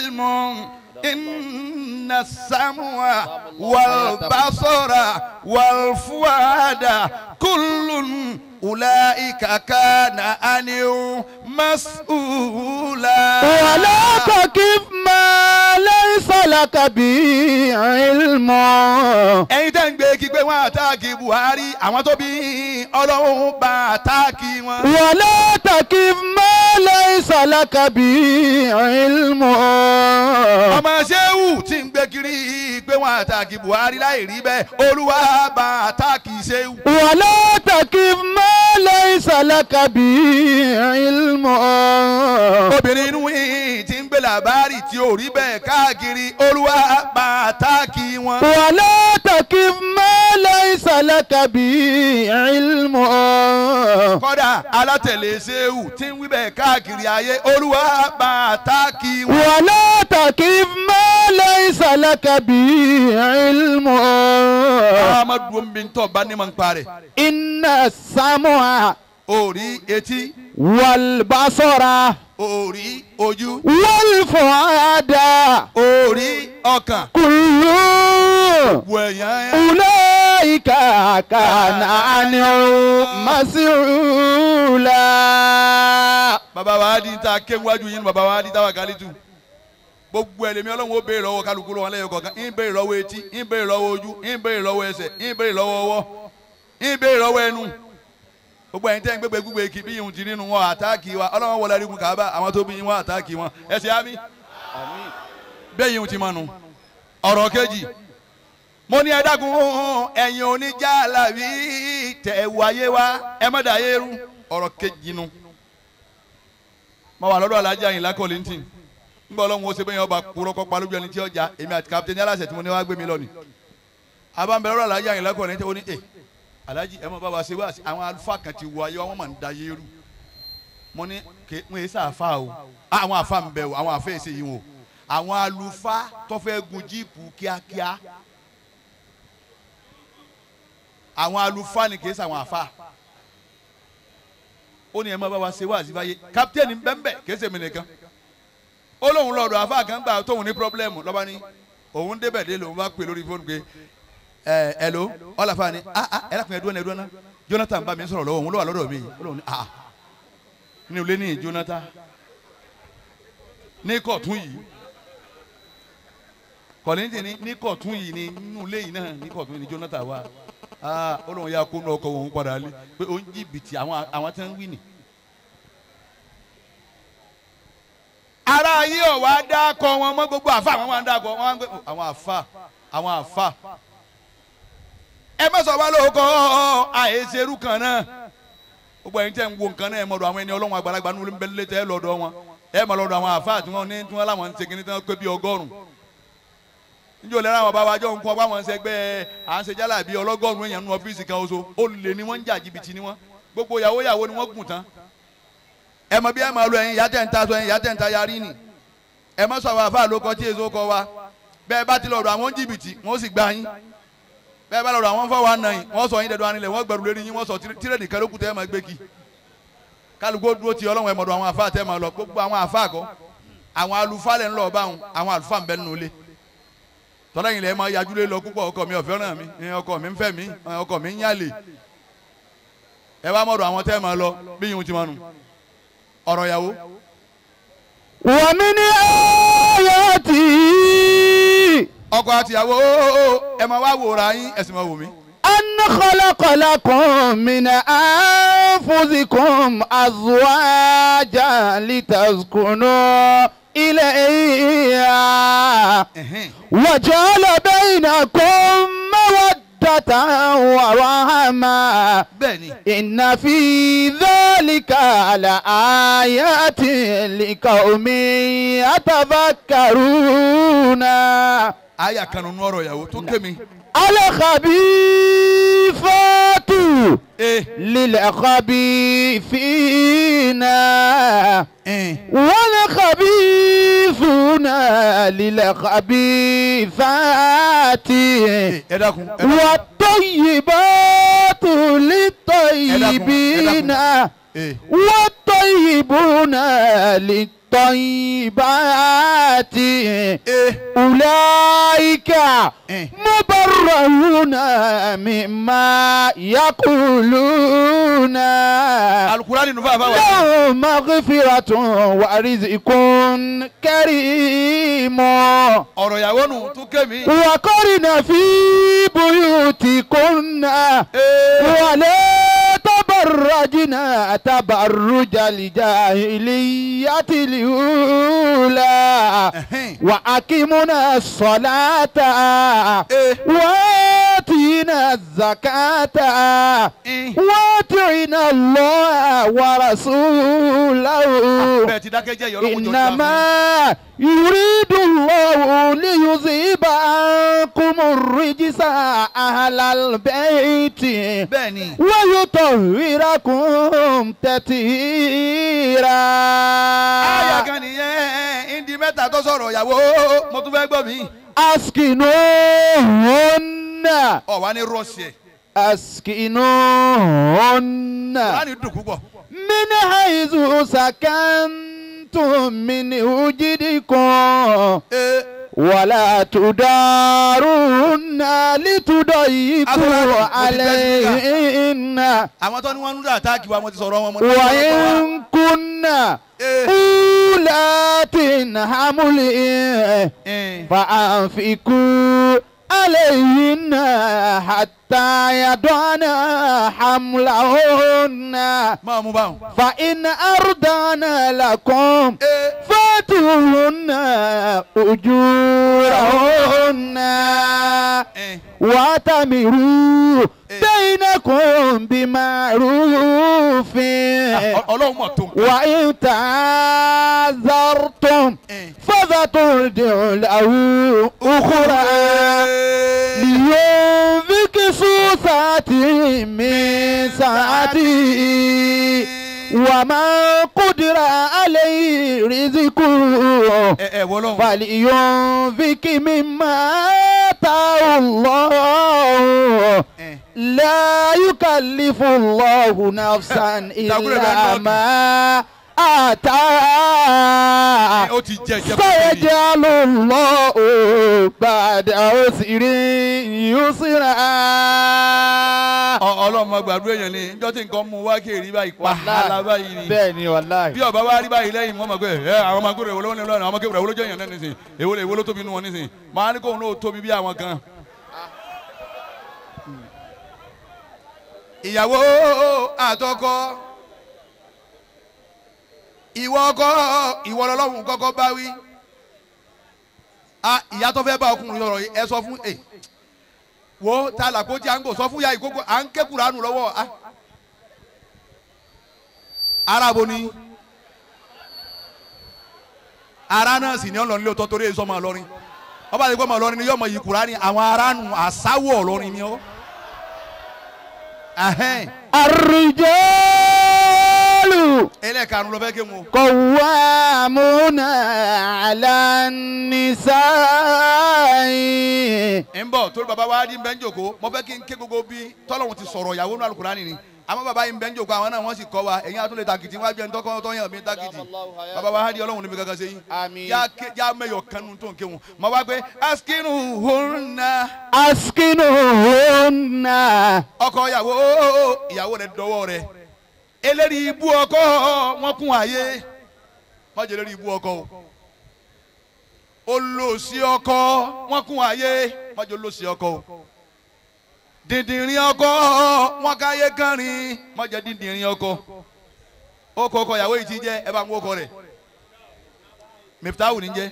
S2: ilmun. إن السمع والبصر والفؤاد
S3: كل ulaika kana aniu mas'ula. wala takif ma laysa laka bi ilmu. ẹ̀yin tẹ́ ń gbé kígbe wọn àtàkì Buhari àwọn tó bí Ọlọ́run bá àtàkì wọn. wala takif ma laysa laka bi ilmu. ọmọ ṣéwù tí ń gbé kiri
S2: pé wọn àtàkì Buhari láì rí bẹ́ẹ̀ Olúwa bá àtàkì ṣéwù. wala
S3: takif ma laysa laka bi ilmu.
S2: obìnrin inú yìí ti ń gbé làbárì tí ò rí bẹ́ẹ̀ káàkiri olúwa
S3: pàtàkì wọn. wàlẹ́ tàkì mọ́ lẹ́kàbí ìlmọ̀. kọ́dà
S2: alátẹ̀lé ṣéwù tí ń wí bẹ́ẹ̀ káàkiri ayé
S3: olúwa bá a táàkì wọn. wà látàkì mọ́lẹ̀ ìsàlẹ̀kàbí ìlmọ̀. amadu
S2: omi ń tọ́ bá ní ma ń parẹ́.
S3: iná samoa
S2: orí etí.
S3: wàlbásọ́ra. orí ojú. wàlfọ̀ádà. orí ọkàn. kùlù. أولئك كان عنهم مسؤولا bàbá wa di ta
S2: kéwájú yín bàbá wa di ta wà kálí tu gbogbo ẹlẹmi Ọlọ́run ó béèrè lọ́wọ́ kálukú lọ́wọ́ lẹ́yìn kọ̀ọ̀kan ń béèrè lọ́wọ́ etí ń béèrè lọ́wọ́ ojú ń béèrè lọ́wọ́ ẹsẹ̀ ń béèrè lọ́wọ́ ọwọ́ ń béèrè ẹnu gbogbo ń gbégbé gbogbo èkì bí ti nínú wọn àtáàkì wa Ọlọ́run wọlé ẹrígun kàá bá àwọn tó bí wọn àtáàkì wọn mo ní ẹdágun ẹ̀yin oníjàlábí tẹ ẹ wọ ayé wa ẹ má dà ayé rú ọ̀rọ̀ kejì nu mo wà lọ́dọ̀ alájà yìí lákòlí ntì ń bọ̀ lọ́hùn ọ̀sẹ̀ bẹ́yẹn ọba kúrọ́ kọ́ palójú ẹni tí ọjà èmi àti kapitẹ́ni aláṣẹ tí mo ní wá gbé mi lọ ni abáǹbẹ̀ lọ́dọ̀ alájà yìí lákòlí ntì ó ní ẹ̀ alájì ẹ̀ mọ̀ bàbá ṣe wá àwọn alfa kan ti wọ ayé wa wọ́n máa ń da ayé rú mo ní ké mo yẹ àfa o àwọn àfa ń bẹ o àwọn àfa èsè yìí o àwọn alufa tó gun jíìpù kíákíá àwọn alufani ni kì í sàwọn àfa ó ní ẹ máa bá wa ṣe wáàsí báyé kápítẹ́ẹ̀nì bẹ́ńbẹ́ kì í ṣèmi nìkan ó lóun lọ́ọ̀dọ̀ àfa kan gbà tóun ní pírọ́blẹ́mù lọ́ba ní òun débẹ̀ dé lòun bá pè lórí fóònù pé ẹ ẹ ló ọlàfà ni ah ah ẹ lákùn ẹ dúró Jonathan bá mi sọ̀rọ̀ lọ́wọ́ òun ló wà lọ́dọ̀ mi ó lóun ní ah, ah. ní olé ní Jonathan ní kọ̀tún yìí kọ̀lẹ́ńtì ní kọ̀tún yìí ní ilé yìí náà ní kọ̀tún yìí ní Jonathan wà. Ah, ó lóun kó ọkọ̀ òun padà lé pé ó ń jìbìtì àwọn tí wọ́n ń wí nì. ara ayé ọ̀wá dákọ wọn mọ́ gbogbo àfa àwọn máa ń dákọ wọn gbé àwọn àfa àwọn àfa ẹ gbogbo ẹ̀yin tẹ́ ń wo nǹkan náà ẹ mọ̀dọ̀ àwọn ẹni ọlọ́run àgbàlagbà nínú bẹ́lẹ́ tẹ́ lọ́dọ̀ wọn ẹ mọ̀ lọ́dọ̀ àwọn àfa àti wọn ní tí wọ́n láwọn ń segin ní tí wọ́n bí ọgọ́rùn-ún njó lẹ́rọ àwọn bàbá àjọ nǹkan báwọn ṣẹgbẹ́ à ń ṣe jálà bíi ọlọ́gọ́rùn-ún èèyàn nínú ọ́fíìsì kan oṣù olè ni wọ́n ń jà jìbìtì ni wọ́n gbogbo yàwó yàwó ni wọ́n gùn tán ẹ mọ bí ẹ máa lo ẹyin yàtẹ̀ ń ta sọ ẹyin yàtẹ̀ ń ta yarí nì ẹ mọ sọ àwọn àfáà ló kọ tí èso kọ wa bẹ́ẹ̀ bá ti lọ rọ àwọn jìbìtì wọ́n sì gbá yín bẹ́ẹ̀ bá lọ rọ àwọn fọwọ́ àna yín wọ́n sọ tọ́lá yìí lẹ́ máa yajúlé lọ púpọ̀ ọkọ mi ò mi ọkọ mi ń fẹ́ mi ọkọ mi ń yàlè ẹ bá mọ̀dọ̀ àwọn tẹ́ ẹ máa lọ bí yìí ti máa nù ọ̀rọ̀ ìyàwó. wọ́n mi ní ayọ̀ tì ọkọ àtìyàwó ẹ máa wá wòrà yín ẹ sì máa wò mí.
S3: إن خلق لكم من أنفسكم أزواجا لتسكنوا إليها وجعل بينكم مودة ورحمة إن في ذلك لآيات لقوم يتفكرون. آية كانوا
S2: نورو يا وتوكمي.
S3: الخبيثات إيه. للخبيثين إيه. والخبيثون للخبيثات إيه، والطيبات للطيبين wọ́n tọ́ ìbúná lè tọ́ ìbá ti ulaika eh. mubarrahuna mimma yaquluna. alukurani nufa afa wa. yóò maghfiratun wa rizqun karimun. ọ̀rọ̀ ìyàwó nù tún kẹ́mi. wa qarna fi buyutikunna. Eh. wàlẹ́. تبرجنا تبرج الجاهلية الأولى وأقمنا الصلاة آتينا الزكاة وأطعنا الله ورسوله إنما يريد الله ليذهب عنكم الرجس أهل البيت ويطهركم تطهيرا. ayọ̀ kan
S2: nìyẹn
S3: ìdí mẹ́ta tó sọ̀rọ̀ ìyàwó
S2: mo tún fẹ́ gbọ́ mi
S3: on, ọ
S2: wá ní rọ́ọ̀sì ẹ̀.
S3: askinuhunna. kúránì dùn púpọ̀. min haythu sakantum min wujudikum. ee. Eh, wàlá tudaruna litudọ yìí kú alẹ́ iná.
S2: àwọn tó ní wọn ń dà táàkì wa mo ti sọ̀rọ̀ wọn. wàá ń
S3: kunna eh. ulatin hamuli eh. fa àfikún alẹ́ iná hàtà. حتى يدعنا حملهن فإن أردنا لكم إيه. فاتوهن أجورهن إيه. واتمروا إيه. بينكم بمعروف وإن تعذرتم فذا ترجع له أخرى ليوم fún sàátì mi sàátì wà máa kúndìrà alẹ́ ìrìsíkù fàlì yóò fi kí mi máa ta ọlọ́ọ̀ la yukallifu Allahu nafsan illa ma àtà. ó ti jẹ ìjẹun. sọ̀rọ̀ jẹ́ ló ń lọ òògbàdà ó sì rí ìyún síra.
S2: ọlọ́mọ gbàdúrà èèyàn ni njọ́ tí nǹkan mú wá kéèrí báyìí wàhálà báyìí ni. bẹ́ẹ̀
S3: ni wàhálà. bí
S2: ọba wa rí báyìí lẹ́yìn mọ́ mọ́ pé ẹ àwọn ọmọ akéwìrẹ́ wọlé lọ́nà àwọn akéwìrẹ́ wọlé jẹ́yìn lẹ́nu nísìn èwo lè wọlé tóbi nù wọn nísìn màá ní kóun ló tóbi bí àwọn kan. ìyàwó àtọkọ ìwọ ọkọ ìwọ ọlọ́run kọ́kọ́ bá wí ìyá tó fẹ́ bá ọkùnrin ọ̀rọ̀ ẹ sọ fún ẹ eh, wo ta làkójì à ń gò sọ fún ya ìkókó à ń ké Kùránù lọ́wọ́ a arabo ni ara náà sì ní ọlọ́run lé ọtọ́ torí èso ọmọ ọlọ́rin ọba àti gbọ́mọ ọlọ́rin ni yọmọ yìí Kùránì àwọn aránu àsáwọ̀ ọlọ́rin ni ọ.
S3: àríjẹ́ ẹlẹ́ẹ̀karùn ló fẹ́ kí n wo. qawwamuna ala nisa'i.
S2: ń bọ̀ torí baba wa di bẹ́ẹ̀ ń jòkó mo fẹ́ kí n ké gbogbo bí tọ́lọ́hún ti sọ̀rọ̀ ìyàwó ní alukurani ni àmọ́ baba yìí ń bẹ́ẹ̀ ń jòkó àwọn náà wọ́n sì kọ́ wa ẹ̀yin àtúndé takìtì wọ́n á jẹ́ ntọ́kọ́ tó yàn mí takìtì baba wa hadi ọlọ́run níbi kankan ṣe yín yá mẹ́yọ̀ kanu tó ń ké wọn mọ wá pé askinu hunna.
S3: askinu hunna. ọkọ
S2: ìyàwó ìyàwó rẹ dọwọ́ rẹ. eleri ibu ọkọ wọn kún ayé má jẹ́ ibu ọkọ o Olosi ọkọ wọn kún ayé má olosi ọkọ o dìndìnrín ọkọ wọn káyé kánrin má ọkọ ó kọ ọkọ ìyàwó yìí ti jẹ́ ẹ bá ń wọ ọkọ rẹ, mẹfitawu ni jẹ́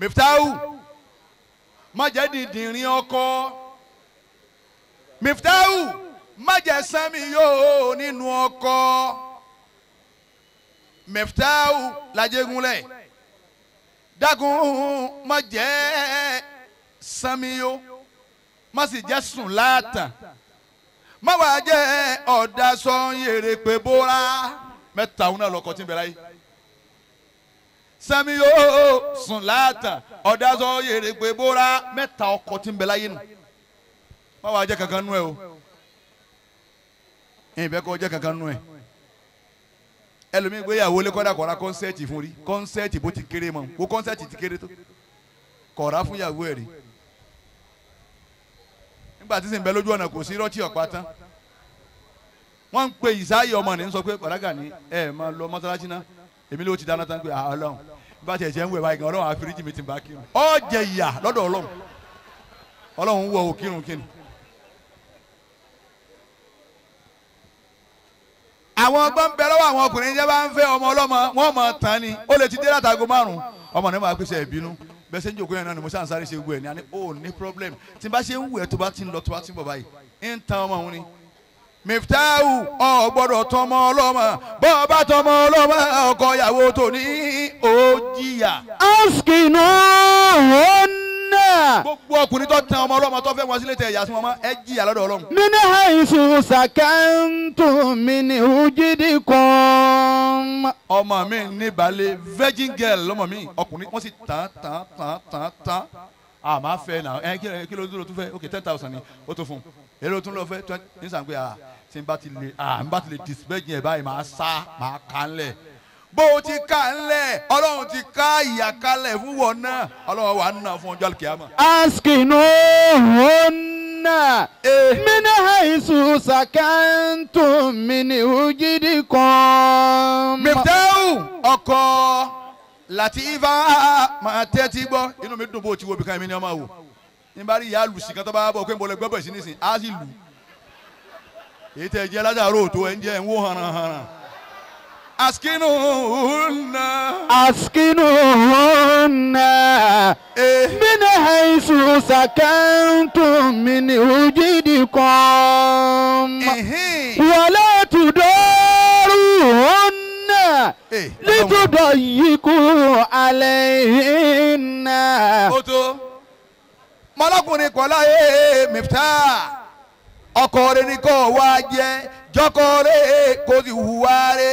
S2: mẹfitawu má jẹ́ ọkọ mẹfitawu. má jẹ́ sánmi yóò nínú ọkọ mẹfitawu lajẹgunlẹ dagun má jẹ́ sánmi yó má sì jẹ́ sùn láàtàn má wàá jẹ́ ọ̀dà sọ́n yèrè pé bóra mẹ́ta òun náà lọ́kọ́ tí ń bẹ̀rẹ̀ ayé sánmi yó sùn láàtàn ọ̀dà yèrè pé bóra mẹ́ta ọkọ̀ tí ń bẹ̀rẹ̀ ayé nù má wàá jẹ́ kankan nú ẹ o. ìbẹ́ kọ́ jẹ́ kankan nú ẹ̀ ẹlòmíì gbéyàwó lé kọ́dà kọ́ra kọ́nsẹ́ẹ̀tì fún rí kọ́nsẹ́ẹ̀tì bó ti kéré mọ́ kó kọ́nsẹ́ẹ̀tì ti kéré tó kọ̀ra fún yàwó ẹ̀ rí nígbà tí sì ń bẹ lójú ọ̀nà kò sí rọ́ọ̀tì ọ̀pá tán wọ́n ń pe ìsáyé ọmọ ní sọ pé kọ̀dágà ẹ máa lọ mọ́sálásí náà èmi ló ti dáná tán pé ọlọ́run ń wẹ̀ báyìí ọlọ́run àwọn ọgbọ́n bẹ lọ́wọ́ àwọn ọkùnrin jẹ́ bá ń fẹ́ ọmọ ọlọ́mọ wọn mọ̀ tán ni ó lè ti dé látago márùn ọmọ ní màá pèsè ìbínú bẹ́ẹ̀ sẹ́ jòkó yẹn náà ni mo ṣáà ń ṣe gbogbo ẹ̀ ní ó ní problem tí bá ṣe ń wù ẹ́ tó bá ti ń lọ tó bá ti ń bọ̀ báyìí ń tan ọmọ òun ni miftahu ọ tọmọ ọlọ́mọ bọ tọmọ ọlọ́mọ ọkọ ìyàwó tó ní ó jìyà. askinu náà. gbogbo ọkùnrin tó tan ọmọ ọlọ́mọ tó fẹ́ wọn sílé tẹ ìyá sí wọn ẹ jìyà lọ́dọ̀ ọlọ́run. mi ní
S3: àìsùn sàkántù mi ní ojúdi kan.
S2: ọmọ mi ní balẹ̀ virgin girl lọ́mọ mi ọkùnrin wọ́n sì tán tán tán tán tán àmà fẹ́ náà ẹ kí ló dúró tún fẹ́ ok ten thousand ni ó tó fún un èrè tún lọ fẹ twenty nísàgbé à tí n bá ti lè à n bá ti lè disipẹ́jì ẹ̀ báyìí màá sá màá kàn lẹ̀ bó o ti ká ńlẹ̀ ọlọ́run ti ká ìyàkálẹ̀ fún wọn náà ọlọ́run wà nínú fún ọjọ́ kìámà.
S3: askinu hona eh. mina haisu sakantu mini ujidi kan. mẹ́tẹ́wù ọkọ
S2: latifa máa tẹ́tí gbọ́ inú mi dùn bó o ti wo bìkan mi ni ọmọ wò nígbà tí ìyá lù sí kan tó bá bọ̀ pé mo lè gbọ́ bẹ̀ sí nísìnyí á sì lù èyí tẹ̀ jẹ́ ládàárọ̀ tó ẹ̀ ń jẹ́ ẹ̀ ń wó hànàhànà. أسكنوهن
S3: أسكنوهن إيه؟ من حيث سكنتم من وجدكم إيه؟ ولا تداروهن إيه؟ لتضيقوا عليهن mọlọkùnrin kọlá ee mifta ọkọ rẹ ni kò wá
S2: jẹ jọkọ rẹ kò sì hùwà rẹ.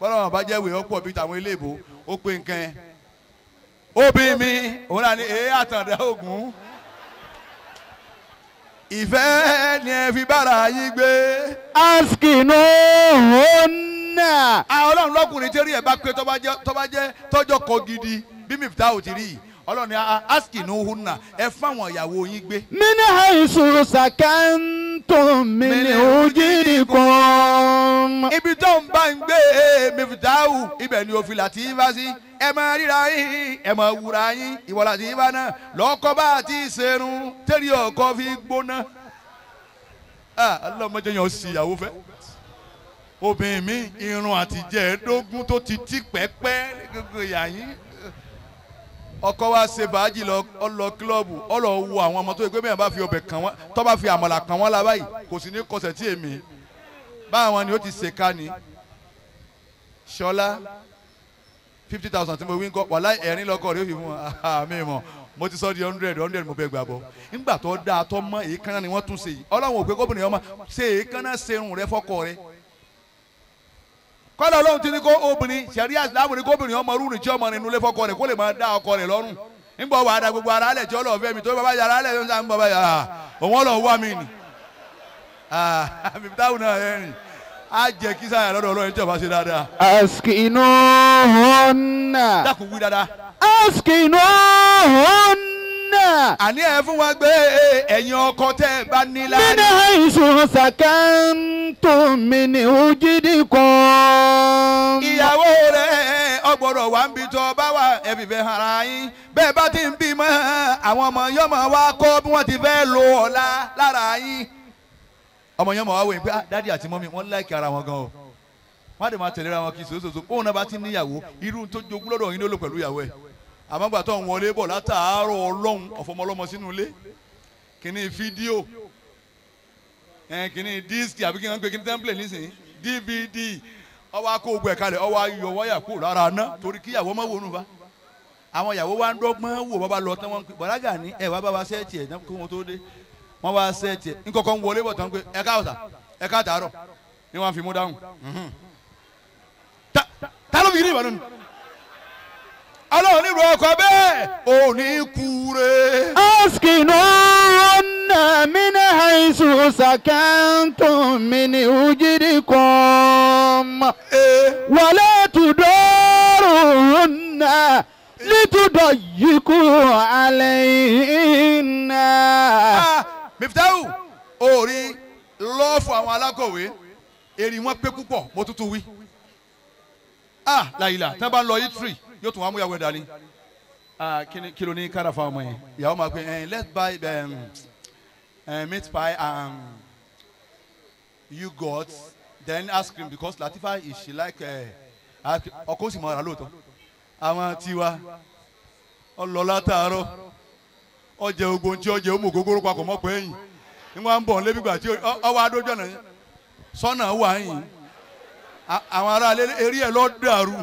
S2: bọ́lá bá jẹ́ ìwé ọ̀pọ̀ bíi tàwọn eléèbó ó pé nǹkan ẹ̀ òbí mi òun náà ní àtàndá ìfẹ́ ni ẹ fi bára yín gbé.
S3: askinu òun oh,
S2: a ọlọ́run lọ́kùnrin tí ó rí ẹ̀ bá kọ gidi bí ò ti rí ọlọ́run ni oh, ẹ fáwọn ìyàwó yín gbé.
S3: mi ojú tún. ibi tó ń bá ń gbé mifitahu ibẹ̀ ni òfin láti
S2: ibà sí ẹ máa ríra yín ẹ máa wúra yín ìwọ láti ibà náà lọ́kọ́ bá ti ṣerun tẹ́lẹ̀ ọkọ fi gbóná. ọlọ́mọdé yẹn ò sì ìyàwó fẹ́ obìnrin mi irun àtijẹ́ dógún tó ti tí pẹ́pẹ́ gbogbo ìyá yín ọkọ wa ṣe bàájì lọ ọlọ kílọ̀bù ọlọ wo àwọn ọmọ tó yẹ pé bẹ́ẹ̀ bá fi ọbẹ̀ kàn wọ́n tó bá fi àmàlà kàn wọ́n la báyìí kò sí ní kọsẹ̀ tí èmi. báwọn ni ó ti ṣèkà ni ṣọlá fifty thousand tí mo wí ń kọ́ wàhálà ẹ̀rín lọ́kọ̀ rẹ̀ ó fi mú un mọ̀ mo ti sọ di hundred hundred mo bẹ gbà bọ nígbà tó da tó mọ èékánná ni wọ́n tún ṣe yìí ọlọ́run ò pé ọmọ tí ọmọ rẹ kó rẹ nígbà tí mi tó yàrá ń sá ń àmìtáwù ah, náà ẹ rìn á jẹ kí sáyà lọ́dọ̀ ọlọ́run tí ọba ṣe dáadáa.
S3: àsìkìnú hona. dákun wí dáadáa. àsìkìnú hona. àní
S2: ẹ fún wa gbé ẹ̀yin ọkọ tẹ́ ẹ bá ní
S3: láàyè. nínú àìsùn sàkántó mi ni ó kan. ìyàwó rẹ̀
S2: ọgbọ́dọ̀ wà ń bi tó bá wà ẹ̀bì fẹ́ hara yín bẹ́ẹ̀ bá ti ń bímọ àwọn ọmọ yọmọ wa kọ́ bí wọ́n ti fẹ́ lo ọ̀la lára yín ọmọ yẹn mọ̀ wá wòye pé ah, dádì àti mọ́mí wọ́n láìkí ara wọn gan o wọ́n á dè máa tẹ̀léra wọn kì í sòsòsò kóun náà bá ti níyàwó irú tó jogún lọ́dọ̀ yín ló lò pẹ̀lú ìyàwó ẹ̀ àmọ́ tó ń wọlé bọ̀ látàárọ̀ ọlọ́run ọ̀fọmọlọ́mọ sínú ilé kìíní fídíò kìíní díìsì àbí kí wọ́n pe kìíní tẹ́ḿpìlẹ̀ nísìnyí dvd ọwọ́ akó ogun ẹ̀ka lẹ̀ ọwọ́ ayọ̀ wáyà kúrò lára ná torí kíyàwó mọ́ wọnú fa àwọn ìyàwó wa ń dọ́gbọ́n wò bàbá lọ tán wọn bàlágà ní ẹ̀ wá bàbá sẹ́ẹ̀tì ẹ̀ kó wọn tó dé wọ́n wá sẹ́ẹ̀tì nkọ̀kọ́ ń wọlé bọ̀ tán pé ẹ káàsà ẹ káàtàárọ̀ ni wọ́n fi mú dáhùn mhm. ta ló fi yiri ìbànú ni
S3: ọlọ́run bẹ́ẹ̀ òní kúre. askinu ọ̀nà mi ní àìsù sàkántù mi ní ojúdi kan. wọlé tudọ́rù ọ̀nà nítúdọ̀ yìí kú alẹ́ yìí náà miftahu orí lọ́ọ̀fù àwọn alákọ̀wé
S2: èrì wọn pé púpọ̀ mo tuntun wí ah làyìlà tí wọn bá ń lọ yìtìrì yóò tún wọn mú ìyàwó ẹ ah kí ló ní kára fún ọmọ yẹn ìyàwó máa pe eh, let's buy um, uh, meat pie and you got then ice cream because Latifa is eh, she like ọkọ sì mọ ara lóòótọ́ àwọn tiwa ọlọ látàárọ̀. ọjẹ ogbó ntí ọjẹ ọmọ ògógóró papọ̀ mọ́pọ̀ ẹ̀yìn níwọ̀n ń bọ̀ lébi gbà tí ọwọ́ adójọ́ náà sọ́nà wà yìí àwọn ará eré ẹ̀ lọ dàrú.